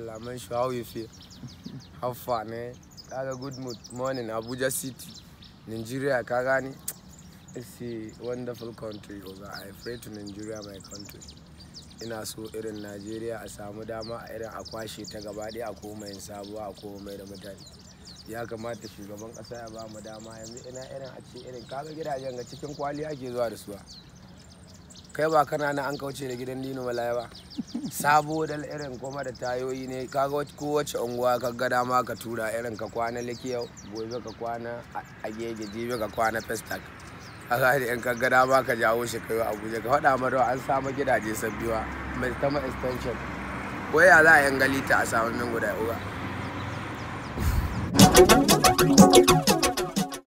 Allah man show how you feel. How fun eh? Kaga good mood morning Abuja City. Nigeria ka gane? It's a wonderful country. I pray to Nigeria my country. ina so irin najeriya a samu dama a irin a kwashe ta gaba ɗaya a koma yin sabuwa a koma mai da mutane ya kamata shugaban ƙasa ya ba mu dama yanzu ina irin a ce irin kaga gidajen ga cikin kwali ake zuwa da suwa kai ba kana na an kauce da gidan dino malaya ba sabo da irin kuma da tayoyi ne kaga kowace unguwa ka ga dama ka tura irin ka kwana likiyau gobe ka kwana a gege jibe ka kwana festak a da in ka ga dama ka jawo shi kai abuja ka faɗa mara an samu gidaje sabbiwa mai tama extension ko ya za a yan galita a samu min guda uga